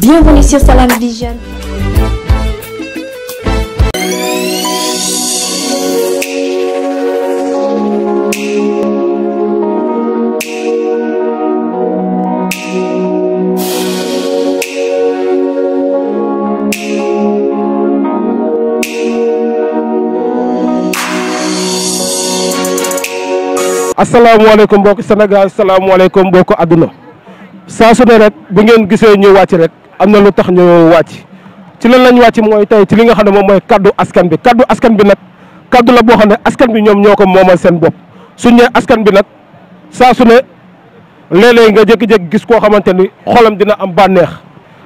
Bienvenue sur Salam Vision. asalaamaaleykum mbokk Sénégal asalaamaaleykum mbokk àdduna saa su ne ngeen gisee ñu wàcc rek am na lu tax ñu wàcc ci lan lañ wàcc mooy tey ci li nga xam ne moom mooy kaddu askan bi kàddu askan bi nag kaddu la boo xam ne askan bi ñoom ñoo ko moomal seen bopp suñ ne askan bi nag saa su ne léeg nga jékki-jékki gis koo xamante ni xolam dina am bànneex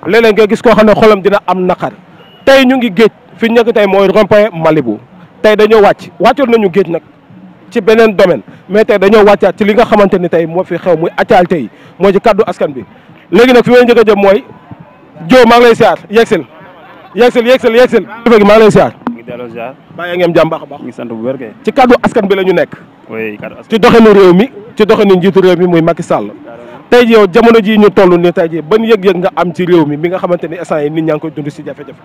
léeg nga gis koo xam ne xolam dina am naqar tey ñu ngi géej fi ñu nekk tey mooy rond-point Malibu tey dañoo wàcc wàccoon nañu géej nag ci beneen domaine mais tey dañoo wàccaat ci li nga xamante ni tey moo fi xew muy actualité moo ci kaddu askan bi léegi nag fi may njëkk a jëm mooy Diop maa lay siyaar yegsil yegsil yegsil yegsil defe lay siyaar ngi delloo ngeen jàmm baax a baax ngi sant bi la ñu nekk ci doxinu ñu toll ni tey ji ban yëg mi mi nga xamante ni instant yi nit ñaa ngi koy dund si jafe-jafe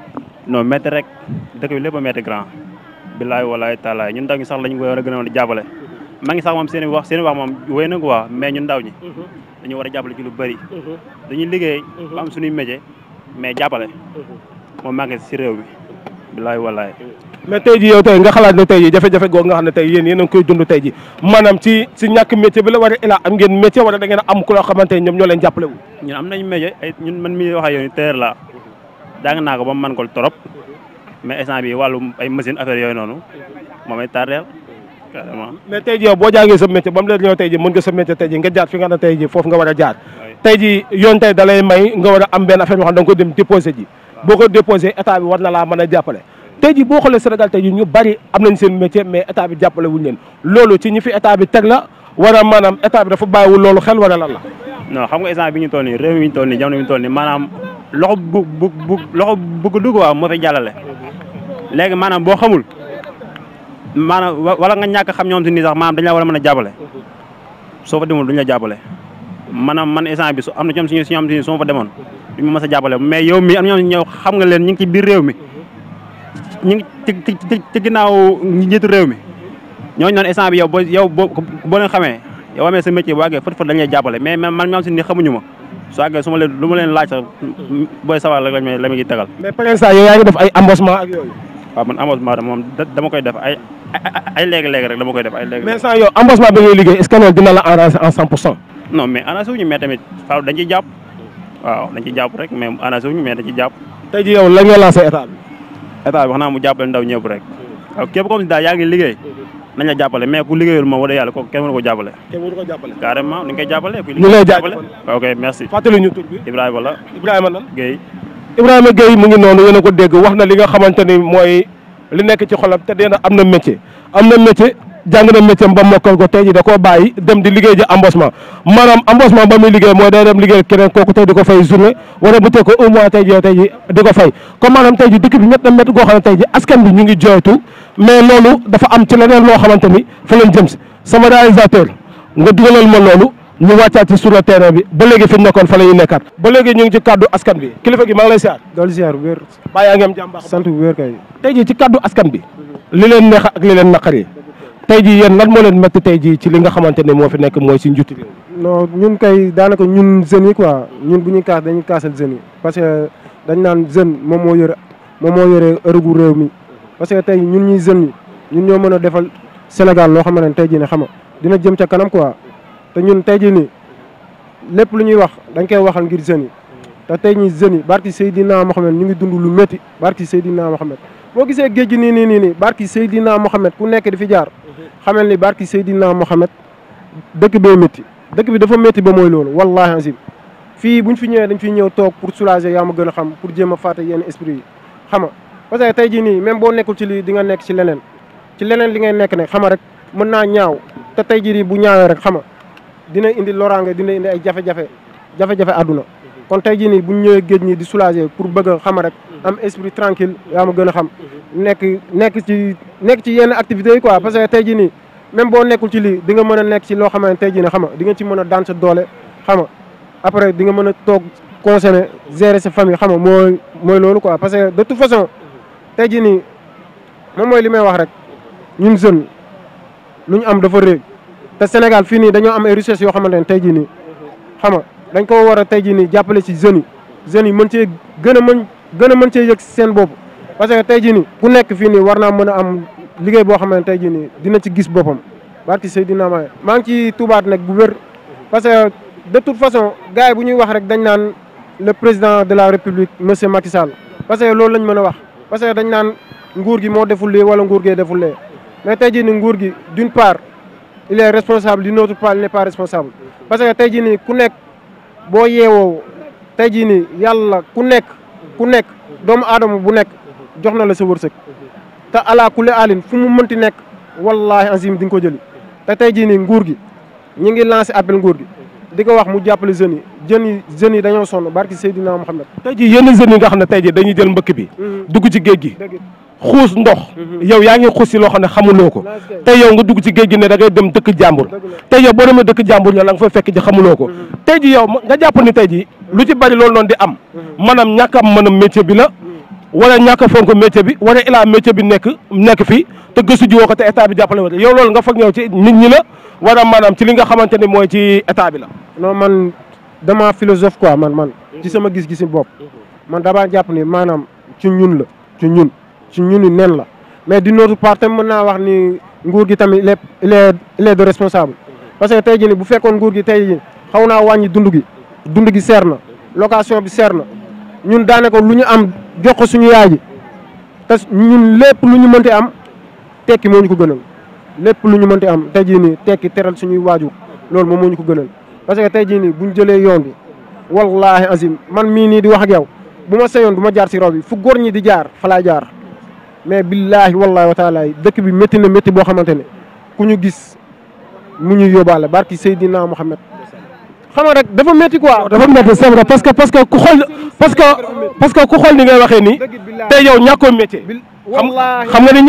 non métti rek dëkk bi a métti grand bilaay walaay taalaay ñun ñi sax a a woon moom seen wax moom wéy na quoi mais ñun ndaw ñi mhm. dañu war a jàppale ci lu bëri mhm. dañuy liggéey mhm. ba am suñuy métier mais jàppale. Mhm. moom maa ngi si réew mi. bilaay walaay. mais tey ji yow tey nga xalaat ne tey ji a a ilaa da ngeen am ku loo xamante ñoom ñoo leen jàppale wu. ñun am nañ métier ay ñun man mi wax ak yow nii teer la jàng naa ko ba man ko trop mais instant bi wàllu ay machine affaire yooyu noonu moom ay tardeel carrément. mais tey ji yow boo jàngee sa métier ba mu la sa métier tey ji nga jaar fi nga war a jaar tey ji yoon tey da lay may nga war a am benn affaire yoo xam da nga ko dem déposé ji boo ko déposé état bi war na laa mën a jàppale tey ji boo xoolee Sénégal tey ji ñu bari am nañ seen métier mais état bi jàppale wuñu leen loolu ci fi état bi teg la a maanaam état dafa bàyyiwul loolu xel wala lan la non xam nga instant bi ñu toll nii réew mi ñu toll nii jamono bi ñu toll nii maanaam loxo bu bu bu loxo bu dugg waaw moo fi jàllale léegi maanaam boo xamul maanaam wala nga ñàkk xam ñoom si nii sax maanaam dañ la war a mën a jàppale soo fa demul duñ la jàppale maanaam man instant bi su am na ñoom suñu xam ne su mais yow mi am na ñoom xam nga leen ngi ci biir mi ñu ngi ci ci ginnaaw njiitu réew mi ñooñu noonu instant bi yow boo yow boo boo leen xamee yow amee sa métier bu jàppale mais man ñoom suñu xamuñu ma su àggee su ma leen laaj sax booy sawar rek lañ may ma ngi yow yaa ngi def ay yooyu. de moom dama koy def ay dama koy def ay léegi. mais sans yow embossement bi liggéey est dina la arranger en 100 pour cent non mais ANACIM ñu mais tamit faaw dañ ci jàpp waaw dañ ci jàpp rek mais ANACIM ñu mais dañ ci jàpp. tey jii yow la nga lancé état bi. état bi wax naa mu jàppale ndaw ñëpp rek waaw képp si daal yaa ngi liggéey nañ jàppale mais ku liggéeyul moom ko jàppale. kenn mënu ko jàppale carrément ni jàppale. ok merci. fàttali ñu tur bi Ibrahima la. Ibrahima lan Guèye. Ibrahima mu ngi noonu yéen a ko dégg wax na li nga xamante ni mooy li nekk ci xolam te dina am na métier a na jàng na métier ba mokkal ko tey ji da koo bàyyi dem di liggéey ji embossement maanaam embossement ba muy liggéey mooy day dem liggéey keneen kooku tey di ko fay journée wala bu teg ko un mois tey ji yow tey ji di ko fay comme maanaam tey ji dëkk bi ñett na métti goo xam ne tey ji askan bi ñu ngi jooytu mais loolu dafa am ci leneen loo xamante ni fa lañ jëm si sama réalisateur nga dugalal ma loolu ñu wàccaat ci sur le terrain bi ba léegi fi ñu nekkoon fa la nekkaat ba léegi ñu ngi ci kàddu askan bi kilifa gi maa ngi lay siyaar dool siyaar bu wér bàyyaa ngeem jàmm baax tey ji ci kàddu askan bi li leen neex ak li leen naqari tey jii yéen lan moo leen métti tey jii ci li nga xamante ne moo fi nekk mooy si njuuti réew non ñun kay daanaka ñun jeunes yi quoi ñun bu ñuy kaas dañuy kaasal jeunes yi que dañ naan jeune moom moo yore moom moo yore ërëgu réew mi parce que tey ñun ñuy jeunes yi ñun ñoo mën a defal Sénégal loo xam ne tey jii ne xam nga dina jëm ca kanam quoi te ñun tey jii nii lépp lu ñuy wax dañ koy waxal ngir jeunes yi te tey ñi jeunes yi barki Seydina Mohamed ñu ngi dund lu métti barki Seydina Mohamed boo gisee géej gi nii nii nii nii barki Seydina Mohamed ku nekk di fi jaar xamal ni barki Seydina Mohamed dëkk bee métti dëkk bi dafa métti ba mooy loolu wallahi azim fii bu ñu fi ñëwee dañu fiy ñëw toog pour soulager yaa ma gën a xam pour jéem a fàtte yenn esprit yi xam nga parce que tey jii nii même boo nekkul ci lii di nga nekk ci leneen ci leneen li ngay nekk ne xama rek mën naa ñaaw te tey jii nii bu ñaawee rek xama dina indi loraange dina indi ay jafe-jafe jafe-jafe àdduna kon tey jii nii bu ñu ñëwee géej ñi di soulager pour bëgg a xam rek mhm. am esprit tranquille yaa ma gën a xam mhm. nekk nekk ci nekk ci yenn activités yi quoi parce que tey jii nii même boo nekkul ci lii di nga mën a nekk ci loo xamante tey jii nii xam nga di nga ci mën a doole xam nga après di nga mën a toog concerné gérer sa xam nga mooy mooy loolu quoi parce que de toute façon mhm. tey jii nii moom mooy li may wax rek ñun jeune lu ñu am dafa réeg te Sénégal fii nii dañoo am ay richesses yoo xamante ne tey jii nii xam nga dañ ko war a tey jii nii jàppale si jeunes yi yi mën cee gën a mën gën mën cee yëg seen bopp parce que tey jii nii ku nekk fii nii war naa mën a am liggéey boo xam tey jii nii dina ci gis boppam barki Seydina Maye maa ngi ci tubaat nag bu wér parce que de toute façon gars yi bu ñuy wax rek dañ naan le président de la république monsieur Macky parce que loolu lañ mën a wax parce que dañ naan nguur gi moo deful lii wala nguur gee deful lee mais tey jii nii nguur gi d'une part il est responsable d'une autre part il n'est que tey ku nekk boo yeewoo tey jii nii yàlla ku nekk ku nekk doomu aadama bu nekk jox na la sa wërsëg te ala kulli alin fu mu mënti nekk wallaahi azim di nga ko jëli te tey jii ni nguur gi ñi ngi lancé appel nguur gi di ko wax mu jàppale jeunes yi jeunes yi jeunes yi dañoo sonn barki Seydina Mouhamed. tey jii yenn jeunes yi nga xam ne tey jii dañuy jël mbëkk bi. Mm-hmm. dugg ci géej gi. xuus ndox mhm. yow yaa ngi xuus si loo xam ne xamuloo ko tey yow nga dugg ci géej gi ne da ngay dem dëkk jàmbur tey yow boo demee dëkk jàmbur yow la nga fay fekk ji xamuloo ko mhm. tey ji yow nga jàpp ni tey ji lu ci bari loolu noonu di am mhm. maanaam ñàkk am maanaam métier bi la wala ñàkk a fonk métier bi wala ilaa métier bi nekk nekk fii te gëstu ji woo ko bi jàppale wala yow loolu nga foog ñëw ci nit ñi la li nga xamante ne mooy ci état bi la non man dama philosophe quoi man man ci sama gis-gisi bopp man dama jàpp ni maanaam ci ñun la ci ñun ci ñu ni nen la mais d'une autre part tamit mën naa wax ni nguur gi tamit les les les deux parce que tey jii ni bu fekkoon nguur gi tey jii xaw naa wàññi dund gi dund gi seer na location bi seer na ñun daanaka lu ñu am jox ko suñu yaay ji te ñun lépp lu ñu mënti am tekki moo ko gënal lépp lu ñu mënti am tey jii nii tekki teral suñuy waajur loolu moom moo ñu ko gënal parce que tey jii nii buñ jëlee yoon bi wallahi azim man mii nii di wax ak yow bu ma seyoon bu ma jaar si raw bi fu góor ñi di jaar fa laay jaar mais billaahi wallaahi wa taala dëkk bi métti na métti boo xamante ne ku ñu gis mu ñu yóbbaale barki Seydina Mohamed. xam nga rek dafa dafa métti c'est vrai parce que parce que ku xool parce que parce que ku ni ngay waxee nii tey yow ñàkkoo métier. xam nga ni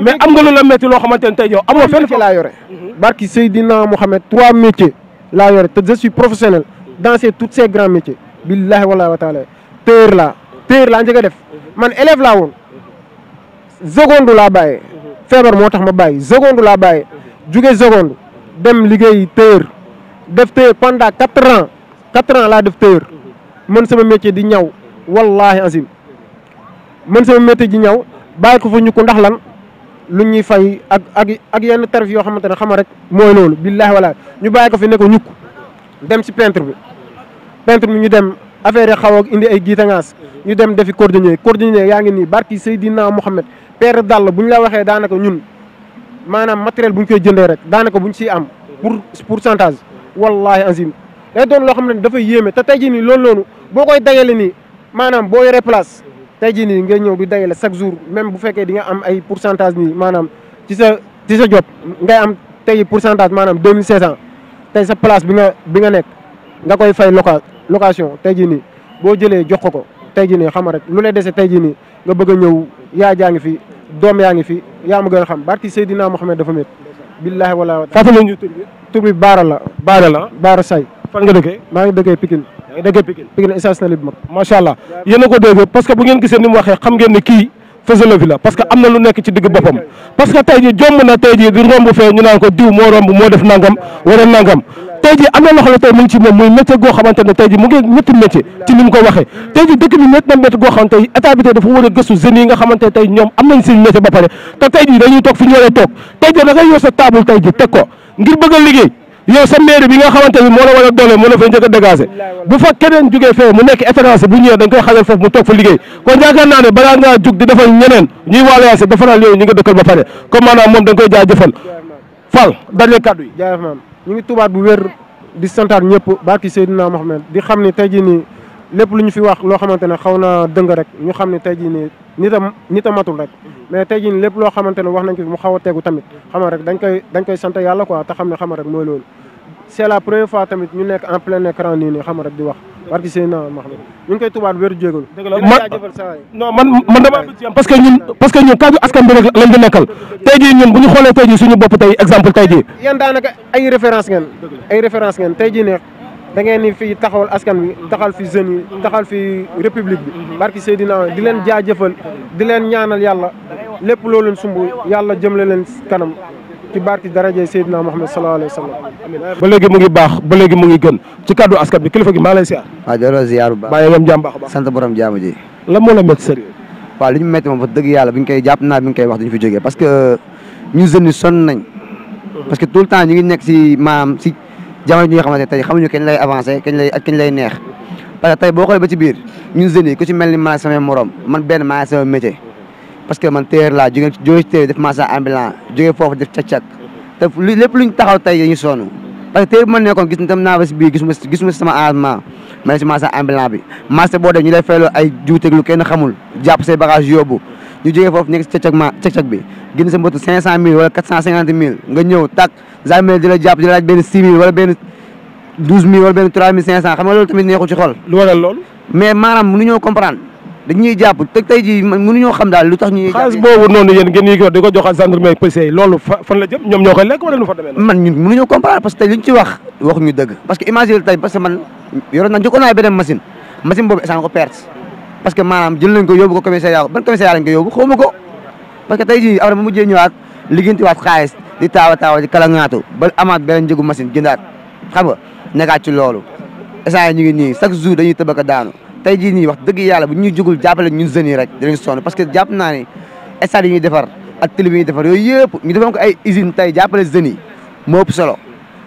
mais am nga lu la métti loo xamante ne tey yow amoo fenn fa laa yore. barki Seydina Mohamed trois métiers laa yore te je suis professionnel dans ces tous ces grands métiers. billaahi wallaahi wa taala téer laa téer laa njëkk a def man élève laa woon. seconde laa bàyyee. Mhm. feebar moo tax ma bàyyi seconde laa bàyyee. Mhm. jugee seconde dem liggéey téer def téer pendant quatre ans quatre ans laa def téer mhm. mën sama métier di ñaw wallahi azim man sama métier di ñaw bàyyi ko fa ñu ko ndax lan lu ñuy fay ak ak ak yenn tarif yoo xamante ne xama rek mooy loolu billaahi wala ñu bàyyi ko fi ne ko ñukk dem si peintre bi peintre bi ñu dem affaire yi xaw a indi ay giitangaas ñu dem defi cordonnier cordonnier yaa ngi nii barki Seydina Mohamed paire dàll bu ñu la waxee daanaka ñun maanaam matériel bu ñu koy jëndee rek daanaka bu ñu siy am pour pour centage wallahi azim day doon loo xam ne dafay yéeme te tey jii nii loolu noonu boo koy dajale nii maanaam boo yoree place tey jii nii ngay ñëw di dajale chaque jours même bu fekkee di nga am ay pourcentage nii maanaam ci sa ci sa job ngay am tey centage maanaam deux mille cinq cent tey sa place bi nga bi nga nekk nga koy fay loca location tey jii nii boo jëlee jox ko ko tey jii nii xam nga rek lu lay dese tey jii nii nga bëgg a ñëw yaa jaa ngi fi doom yaa ngi fi yaa ma gën a xam barki Seydina Mohamed dafa métti. billaahi wala fàttali ñu tur bi tur bi Baara nga dëkkee maa ngi dëkkee Pikine. yaa ngi na li mag. macha allah yéen ko dégg parce que bu ngeen gisee ni mu waxee xam ngeen ne kii Feugeleu bi la parce que am na lu nekk ci digg boppam. parce que tey jomb na tey jii di romb fee ñu naan ko diw moo romb moo def nangam wala nangam tey ji am na loo xam ne tey mu ngi ci moom mooy ne tey ji mu ngi ñetti métier ci ko waxee tey ji dafa war a gëstu jeunes nga xamante tey ñoom am nañ seen métier ba pare te tey ji dañuy toog fi ñu war a toog tey ji da ngay yor sa table tey ji a liggéey la a doole moo la a ñu nga dëkkal ba pare comme maanaam moom dañ koy jaajëfal fal dañ lay yi ñu ngi tubaat bu wér di santaat ñëpp barki Seydina Mohamed di xam ni tey jii nii lépp lu ñu fi wax loo xamante ne xaw na dëng rek ñu xam ne tey jii nii nit a nit a matul rek mais tey lépp loo xamante ne wax nañ ko fi mu xaw a tegu tamit xam nga rek dañ koy dañ koy sant yàlla quoi te xam ne xam nga rek mooy loolu c'est la première fois tamit ñu nekk en plein écran nii nii xam nga rek di wax barki seen na ma xam ñu man dama que ñun parce que ñun kàddu askan bi rek lañ di nekkal tey jii ñun bu ñu xoolee tey jii suñu bopp tey exemple tey jii yéen daanaka ay référence ngeen ay référence ngeen tey jii ne da ngeen ni fii taxawal askan bi taxal fi jeunes taxal fi république bi mhm. di leen jaajëfal di leen ñaanal yàlla lépp loolu sumb yàlla jëmle leen kanam ci barki daraje Seydina Muhammad sallallahu alayhi wa sallam ba mu ngi baax ba léegi mu ngi gën ci kàddu askan bi kilifa gi maa lay siyaar waaw delloo ziar bu baax bàyyi yam jàmm baax baax sant borom jàmm ji la moo la métti sérieux waaw li ñu métti moom wax dëgg yàlla bi ñu koy jàpp naa bi ñu koy wax dañu fi jógee parce que son jeunes yi nañ parce que tout le temps ngi nekk si maam si jamono ñi nga xamante ne tey xamuñu kañ lay avancé kañ lay lay neex parce que tey boo xoolee ba ci biir ñun jeunes yi ku ci mel ni maa morom man benn maa sama parce que man téer laa jóge foofu def cak-cak te lépp luñ taxaw tey dañuy sonn parce que téer bi ma nekkoon gis tam naa ba si biir gisuma gisuma si sama arrangement ma si marchand ambulant bi marché boo ñu lay fayloo ay juuteeg lu kenn xamul jàpp se bagage yóbbu ñu jógee foofu nekk si cak-cak ma cak-cak bi génn sa mbottu cinq cent mille wala quatre cent cinquante mille nga ñëw tak gendarmerie di la jàpp di la wala benn douze mille wala benn trois mille cinq cent xam nga lu waral loolu mais maanaam mënuñoo comprendre dañuy jàpp te tey jii mënuñoo xam daal lu tax ñuy xaalis boobu noonu yéen ngeen ñuy ko di ko jox gendarmerie police yi loolu fan la jëm ñoom ñoo koy lekk wala nu fa demee man ñun mënuñoo tey li ñu ci wax waxuñu dëgg parce que imagine naa njëkkoon boobu essan ko perte parce maanaam jël nañ ko ko commissariat ban commissariat lañ ko yóbbu xawma ko parce que tey jii après waat xaalis di taawa taawa di kalangaatu ba amaat beneen njëgu machine jëndaat xam nga nekkaat ci loolu essan ñu ngi nii chaque jour dañuy tëbaka daanu tey jii nii wax dëgg yàlla bu ñu jugul jàppale ñun jeunes yi rek dinañ sonn parce que jàpp naa ne stade yi ñuy defar ak télé defar yooyu yëpp ñu defoon ko ay usine tey jàppale jeunes yi solo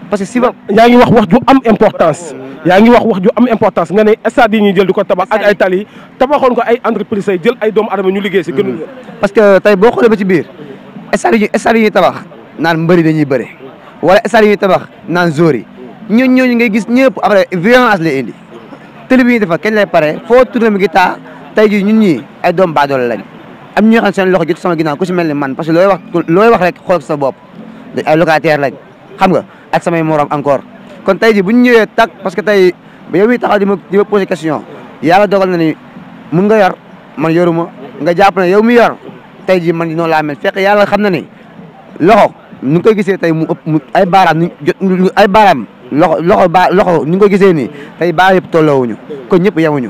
parce que si ba yaa ngi wax wax ju am importance yaa ngi wax wax ju am importance nga ne stade yi ñuy jël di ko tabax ak ay tali tabaxoon ko ay entreprise ay jël ay doom adama ñu liggéey si gënuñu parce que tey boo xoolee ba ci biir stade yi stade yi ñuy tabax naan mbëri dañuy bëre wala stade yi ñuy tabax naan zóor yi ñooñu ñooñu ngay gis ñëpp après violence télé bi ñuy defar kañ lay pare foo tourné mi ngi taa tey jii ñun ay doom baadoole lañ am ñoo xam seen loxo jot sama naa ku si mel ni man parce que looy wax looy wax rek xool sa bopp ay locataire lañ xam nga ak samay morom encore kon tey jii bu ñu ñëwee tak parce que tey ba yow mii taxaw di ma di ma posé question yàlla dogal na ni mun nga yor man yoruma nga jàpp ne yow mi yor tey jii man noonu laa mel fekk yàlla xam na ni loxo nu ngi koy gisee tey mu ëpp mu ay baaraam ay baaraam loxo loxo baa loxo ñu ngi ko gisee nii tey baa yëpp tolloowuñu kon ñëpp yemuñu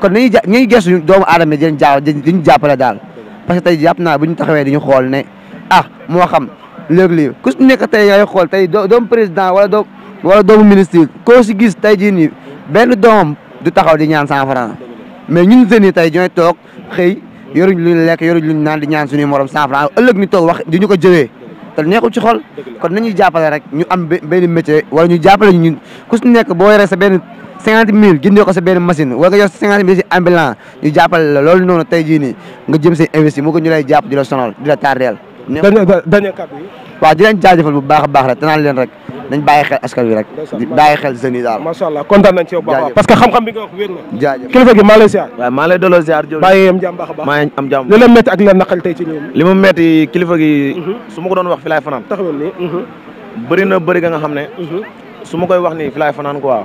kon nañuy ja ñuy gëstu doomu aadama yi dañu jaa dañu jàppale daal parce que tey jàpp naa bu ñu taxawee ñu xool ne a ah, moo xam léeg-léeg ku si nekk tey yaay xool tey doomu président wala doo wala doomu ministre koo si gis tey jii nii benn doomam du taxaw di ñaan cent franc mais ñun jeunes yi tey ñooy toog xëy yoruñ luñ lekk yoruñ luñ naan di ñaan suñuy morom cent franc ëllëg ñu toog wax di ñu ko jëwee te neexul ci xol kon nañuy jàppale rek ñu am benn métier wala ñu jàppale ñu ku si nekk boo yoree sa benn cinquante mille jëndee ko sa benn machine wala nga yor sa cinquante mille si ambulant ñu jàppale la loolu noonu tey jii nii nga jëm seen investi mu ko ñu lay jàpp di la sonal di la tardeel dañu kàddu yi waaw di leen jaajëfal bu baax a baax rek danaan leen rek nañ bàyyi xel askan wi rek bàyyi xel jeunes yi daal macha allah kontaan nañ ci yow baax parce que xam-xam bi nga wax kilifa gi maa lay ziar waaw maa lay delloo am jàmm baax a baax am jàmm li la métti ak li ma métti kilifa gi mhm. su ma ko doon wax fi laay fanaan taxawal ni mhm. bëri na bëri ga nga xam ne mhm. su ma koy wax nii fi laay fanaan quoi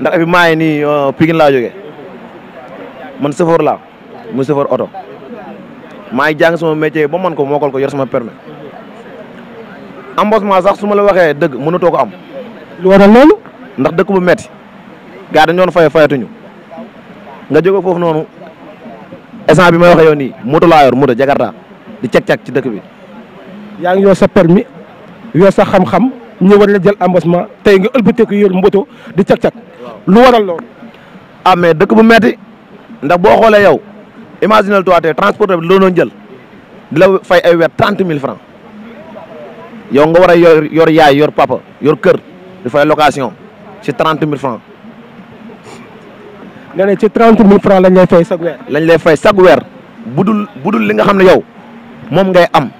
ndax abi maa ngi nii euh, Pikine laa jógee man chauffeur la muy chauffeur oto maay jàng sama métier ba man ko mokkal ko yor sama permis embauchement sax su ma la waxee dëgg mënatoo ko am. lu waral loolu. ndax dëkk bu metti gaa dañu doon fay fayatuñu nga jóge foofu noonu essence bi may waxee yow nii moto laa yor moto jakarta di cag-cag ci dëkk bi. yaa ngi yor sa permis sa xam-xam ñu war la jël embauchement tey nga ëlbateeku yor moto di cag-cag lu waral loolu. ah dëkk bu metti ndax boo xoolee yow. imaginal toi tey transporteur bi loo doon jël di la fay ay weer trente mille francs yow nga war a yor yor yaay yor papa yor kër di fay location ci trente mille francs nga ne ci trente mille francs lañ lay fay chaque weer. lañ lay fay chaque weer budul budul li nga xam ne yow moom nga am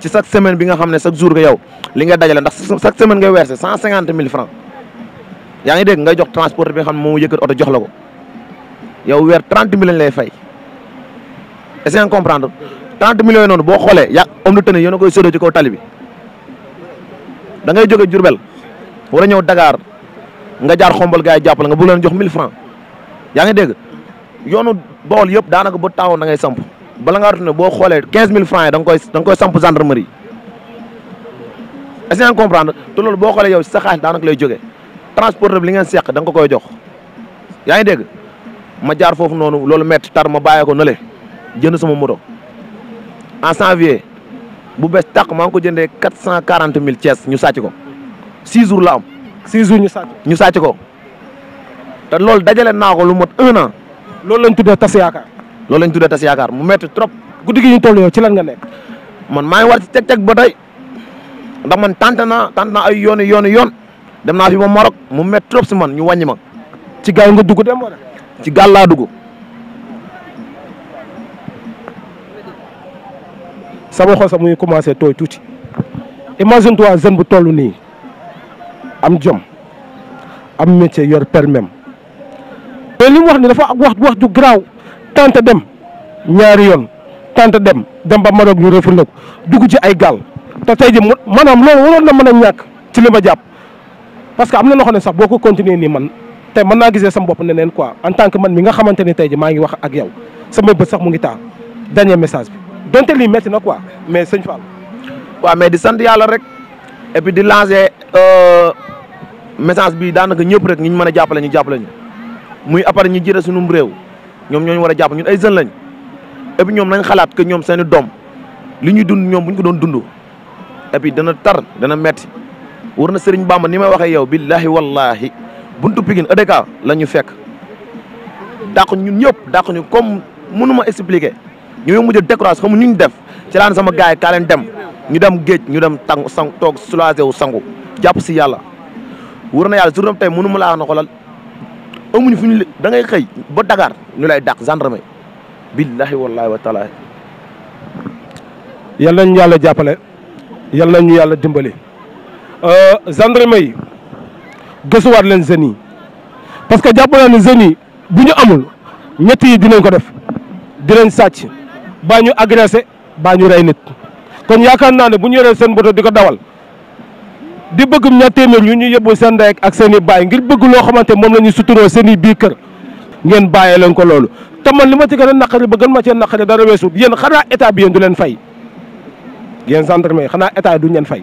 ci chaque semaine bi nga xam ne chaque jour nga yow li nga dajale ndax chaque semaine ngay verser cent cinquante mille francs yaa ngi dégg ngay jox transport bi nga xam ne moom yëkkat oto jox la ko. yow weer trente mille lañ lay fay est-ce que comprendre trente millions yooyu noonu boo xoolee yaa homme de tenue koy séddoo ci kaw tali bi ngay jóge Jurbel war a ñëw Dakar nga jaar xombal gars yi jàpp la nga bëgg leen jox mille francs yaa ngi dégg yoonu Bawol yëpp daanaka ba taawoon da ngay samp bala nga ngaa ne boo xoolee quinze mille francs yi da nga koy da koy samp gendarmerie est-ce comprendre te loolu boo xoolee yow si sa xaalis daanaka lay jógee transporteur bi li nga seq da nga ko koy jox yaa ngi dégg ma jaar foofu noonu loolu métti tar ma bàyyee ko nële jënd sama moto en janvier bu bees tàq maa ko jëndee quatre cent quarante mille Thiès ñu sàcc ko six jours la am. six jours ñu sàcc ñu sàcc ko te loolu dajale naa ko lu mot un an. loolu lañ tuddee tas yaakaar. loolu lañ tuddee tas yaakaar mu métti trop. guddi gi ñu toll yow ci lan nga nekk. man maa ngi war ci teg-teg ba tey ndax man tànt naa tànt ay yoon yoon yoon dem naa fi ba Maroc mu métti trop si man ñu wàññi ma. ci gars yi nga dugg dem wala. ci gaal laa dugg sama xol sax mu ngi commencé tooy tuuti imagine toi jeune bu toll nii am jom am métier yor permem mais li mu wax ni dafa wax wax ju garaaw tante dem ñaari yoon tante dem dem ba Maroc ñu refoulé ko dugg ci ay gaal te tey ji maanaam loolu waroon na mën a ñàkk ci li ma jàpp parce que am na loo ne sax boo ko continuer nii man. te mën naa gisee sama bopp ne neen quoi en tant que man mi nga xamante ni tey ji maa ngi wax ak yow sama bët sax mu ngi taa dernier message bi donte lii métti na quoi mais sëñ Fall. waaw mais di sant yàlla rek et puis di lancer euh, message bi daanaka ñëpp rek ñu mën a jàppale ñu jàppale muy appareil ñu jëlee suñu réew ñoom ñooñu war a jàpp ñun ay jeunes lañ et ñoom nañ xalaat que ñoom seen i doom li ñuy dund ñoom bu ñu ko doon dund et dana tar dana metti war na Serigne Bamba ni may waxee yow billahi wallahi buntu Pikine EDK la ñu fekk dàq ñun ñëpp dàq ñu comme mënu ma expliquer ñu mujj a décourage xam ñu ñu def celaan sama gars yi kaa leen dem ñu dem géej ñu dem tàng sang toog soulagé wu sangu jàpp si yàlla. wër na yàlla journée bi tey mënu ma laa na xoolal amuñu fu ñu da ngay xëy ba Dakar ñu lay dàq gendarmerie billahi wallahi wa taala. yal nañu yàlla jàppale yal ñu yàlla dimbali euh, gendarmerie. gësuwaat leen jeunes yi parce que jàpp naa ne jeunes yi bu ñu amul ñetti yi dinañ ko def leen sàcc baa ñu agressé baa ñu rey nit. kon yaakaar naa ne bu ñu yoree seen boto di ko dawal di bëgg ñaar téeméer yu ñu yóbbu seen ndey ak seen baay ngir bëgg loo xamante moom la ñu suturoo seen i biir kër ngeen bàyyee leen ko loolu. te man li ma ci gën a naqari ba gën ma cee naqari dara weesu yéen xanaa état bi yéen du leen fay yen gendarme yi xanaa état du ñeen fay.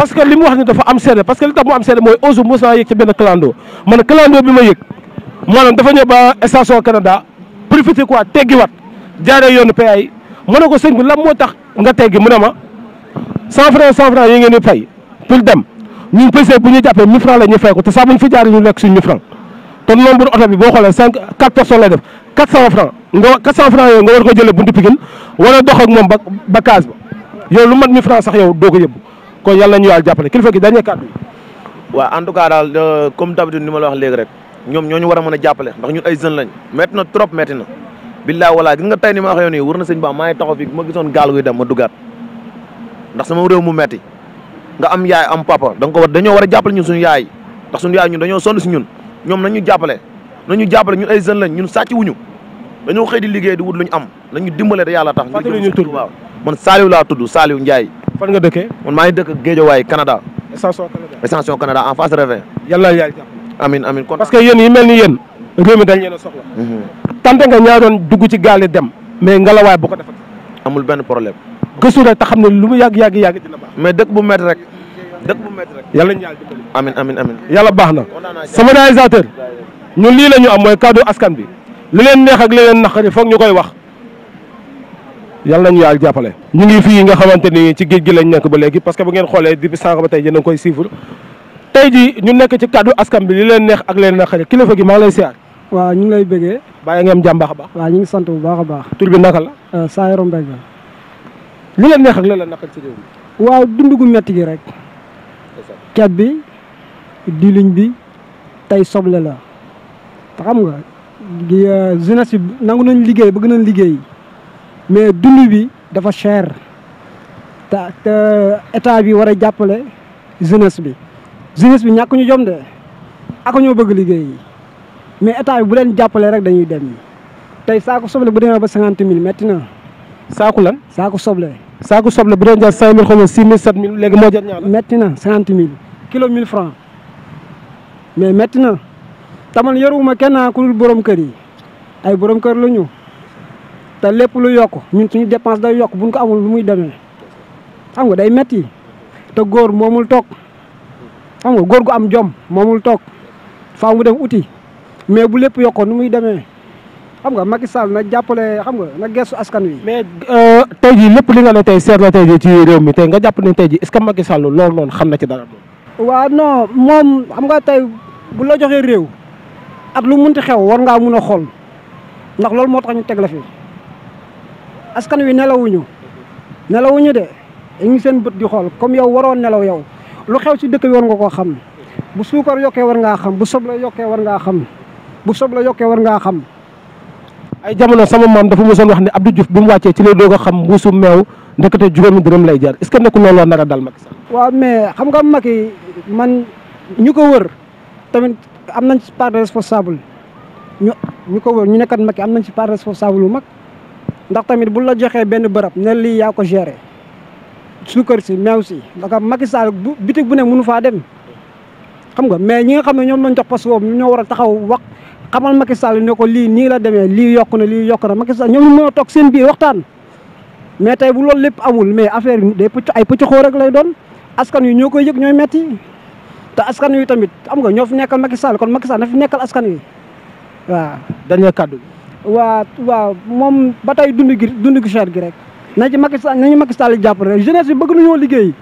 parce que li mu wax ni dafa am seede parce que li tax mu am seede mooy ozu mos naa yëg ci benn clando bi ma yëg maanaam dafa ñëw ba station Canada profité quoi teggiwaat jaaree yoonu PA yi ma ne ko sëñ bi lan moo tax nga teggi mu ne ma cent franc cent franc yi ngeen di fay pour dem ñun pese bu ñu jàppee mille franc la fay ko te saa bu ñu fi jaaree ñu lekk suñu mille franc kon nombre oto bi boo xoolee cinq quatre personnes lay def quatre cent franc nga quatre nga a dox ak moom ba ba ba yow lu mat mille franc sax yow doo ko yóbbu kon yàlla nañu yàlla jàppale kilifa gi dernier kàddu yi. waaw en tout cas daal euh, comme d'habitude ni ma la wax ñoom ñoo ñu war a mën a jàppale ndax ñun ay jeunes lañ métti na trop métti na. billaa walaa gis nga tey ni ma waxee nii war na sëñ Ba maa ngi taxaw fii ma gisoon gaal guy dem ma duggaat ndax sama réew mu metti nga am yaay am papa da nga ko war dañoo war a jàppale ñu suñu yaay ndax suñu yaay ñun dañoo sonn si ñun ñoom nañu jàppale nañu jàppale ñun ay jeunes lañ ñun sàcc wuñu dañoo xëy di liggéey di wut lu ñu am nañu dimbale da yàlla tax. fàttali ñu tur waaw man Saliou laa tudd Saliou Ndiaye fan nga dëkkee. man maa ngi dëkk Géejawaay Canada. extension Canada extension Canada en face Réveil. yàlla yaay parce que yéen yi mel ni yéen. réew mi dañ leen a mhm. nga ñaa dugg ci gaal yi dem. mais ngelawaay bu ko defee. amul benn problème. gëstu rek te xam ne lu mu yàgg yàgg yàgg mais dëkk bu métti rek. dëkk bu métti rek. yàlla baax na sama réalisateur ñun lii la ñu am mooy kàddu askan bi li leen neex ak li leen naqari ñu koy wax yàlla nañu yàlla jàppale ñu ngi fii nga xamante ni ci géej gi lañ nekk ba léegi parce que bu ngeen xoolee depuis sànq ba tey jii da nga koy siiful tey ji ñu nekk ci kàddu askan bi li leen neex ak leen naqari kilifa gi maa ngi lay siyaar waaw ñu ngi lay bëggee bàyyi nga am a baax waaw ñu ngi sant bu baax a baax tur bi naka la euh, Saayoro Mbengue li leen neex ak la naqari ci réew waaw dund gu métti gi rek ceeb bi diwlin bi tey soble la te xam nga euh, jeunesse bi nangu nañ liggéey bëgg nañ liggéey mais dund bi dafa cher te te état bi war a jàppale jeunesse bi jeunesse bi ñàkk ñu jom de ak ñoo bëgg liggéey mais état bi bu leen jàppale rek dañuy dem tey saako soble bu demee ba cinquante mille métti na. saako lan saako soble. saako soble bu doon jar cinq mille xaw ma six mille léegi moo jar ñaar métti na cinquante mille kilo mille franc mais métti na tamal yoruma kenn ku borom kër yi ay borom kër la ñu. te lépp lu yokk ñun suñu dépense day yokk bu buñ ko amul lu muy demee xam nga day metti te góor moomul toog xam nga góor gu am jom moomul toog faaw mu dem uti mais bu lépp yokkoon nu muy demee xam nga Macky Sall na jàppale xam nga na gestu askan wi. mais euh, tey jii lépp li nga ne tey seetlu tey jii ci réew mi tey nga jàpp ne tey jii est-ce que Macky Sall xam na ci dara. waaw non moom xam nga tey bu la joxee réew ak lu mun ti xew war ngaa mun a xool ndax loolu moo tax ñu teg la fi. askan wi nelawuñu nelawuñu de ñu ngi seen bët di xool comme yow waroon nelaw yow lu xew ci dëkk bi war nga koo xam bu suukar yokkee war ngaa xam bu soble yokkee war ngaa xam bu soble yokkee war ngaa xam. ay jamono sama maam dafa seen wax ne Abdou Diouf bi mu wàccee ci la doog a xam mbuusu meew ndekete juróomi dërëm lay jar est-ce que nekkul loolu nar a dal Macky Sall. waaw mais xam nga Macky man ñu ko wër tamit am nañ ci part de responsable ñu ñu ko wër ñu nekkat Macky am nañ ci part responsable bu mag. ndax tamit bu la joxee benn bërëb ne lii yaa ko géré suukar si meew si ndax Macky Sall bu bitig bu ne mënu faa dem xam nga mais ñi nga xam ne ñoom lañ jox poste boobu ñoo war a taxaw wax xamal Macky Sall ne ko lii nii la demee lii yokk na lii yokk na Macky Sall ñoom ñu mën a toog seen biir waxtaan mais tey bu loolu lépp amul mais affaire bi day pëcc ay pëcc xóor rek lay doon askan wi ñoo koy yëg ñooy metti te askan wi tamit xam nga ñoo fi nekkal Macky Sall kon Macky Sall na fi nekkal askan wi waaw. dernier kàddu waa waaw moom ba tey dund gi dund gi cher gi rek na ci Macky Sall nañu Macky Sall jàppale rek jeunesse bi bëgg nañoo liggéey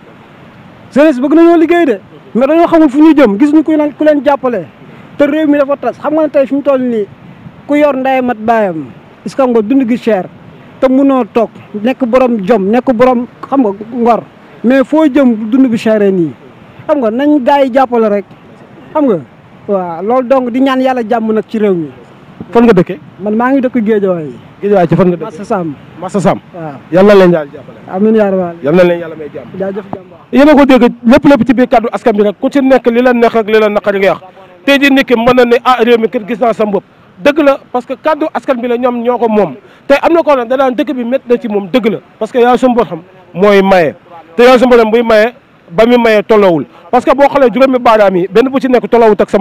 jeunesse bëgg nañoo liggéey de mais dañoo xamul fu ñu jëm gis ñu ku leen ku leen jàppale te réew mi dafa tas xam nga ne tey fi mu toll nii ku yor ndey mat baayam est-ce que nga dund gi cher te mënoo toog nekk borom jom nekk borom xam nga ngor mais foo jëm dund bi cher nii xam nga nañ gars yi jàppale rek xam nga waaw loolu donc di ñaan yàlla jàmm nag ci réew mi fon nga dëkkee. man maa ngi dëkk Géejawaay. Géejawaay ci fan na leen yàlla jàppale. amiin yaa rabbal yal na leen yàlla may a ko dégg lépp lépp ci biir kàddu askan bi rek ku ci nekk li la neex ak li la naqari nga mën na ne ah réew mi kat gis naa sam dëgg la parce que kàddu askan bi la ñoom ñoo ko moom tey am na ko xam ne danaan dëkk bi métti na ci moom dëgg la parce que yaa suñu borom mooy maye te yaa suñu borom buy maye ba muy maye tolloowul parce que boo xoolee juróomi baaraam yi bu ci nekk tolloowut ak sa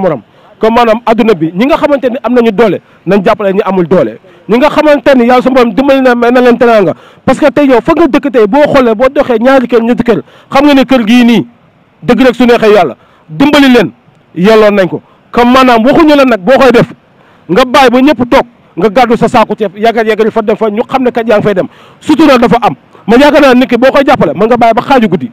comme maanaam àdduna bi ñi nga xamante ni am nañu doole nañ jàppale ñi amul doole ñi nga xamante ni yàlla su borom dimbali na may na leen teraanga parce que tey yow fa nga dëkk tey boo xoolee boo doxee ñaari kenn ñetti kër xam nga ne kër gii nii dëgg rek su neexee yàlla dimbali leen yelloon nañ ko comme maanaam waxuñu la nag boo koy def nga bàyyi ba ñëpp toog nga gàddu sa saaku ceeb yàggal yàggal fa dem fa ñu xam ne kat yaa ngi fay dem sutura dafa am ma yaakaar naa nit ki koy jàppale mën nga bàyyi ba xaaju guddi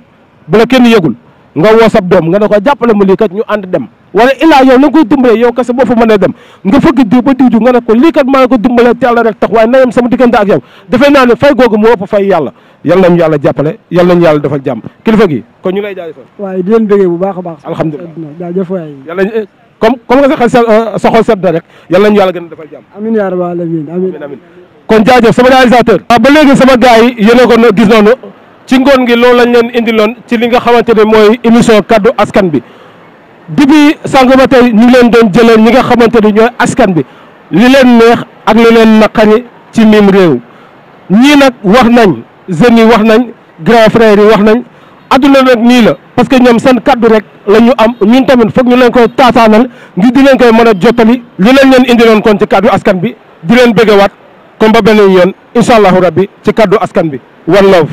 bala kenn yëgul nga woo sab doom nga ne ko jàppale ma lii kat ñu ànd dem wala ilaa yow na koy dimbalee yow kese boo fa mënee dem nga fëgg diw ba diw ju nga ne ko lii maa ngi ko dimbalee te yàlla rek yàlla jàppale yàlla nañu yàlla defal jàmm kilifa gi kon ñu lay jaajëfal waaye di leen a comme nga sa sedd na rek yàlla nañu yàlla gën a jàmm kon jaajëf sama réalisateur ah, ba léegi sama gars yi a ko noonu ci ngoon gi loolu lañ leen indiloon ci li nga xamante ne mooy émission kàddu askan bi depuis sànq ba tey ñu leen doon jëlee ñi nga xamante ni ñooy askan bi li leen neex ak li leen naqari ci miim réew ñii nag wax nañ jeunes yi wax nañ grand frère yi wax nañ adduna nag nii la parce que ñoom seen kaddu rek la ñu am ñun tamit foog ñu leen koy taataanal ngir di leen koy mën a jottali li leen leen indiloon kon ci kaddu askan bi di leen bëggewaat comme ba beneen yoon incha allahu rabbi ci kaddu askan bi one love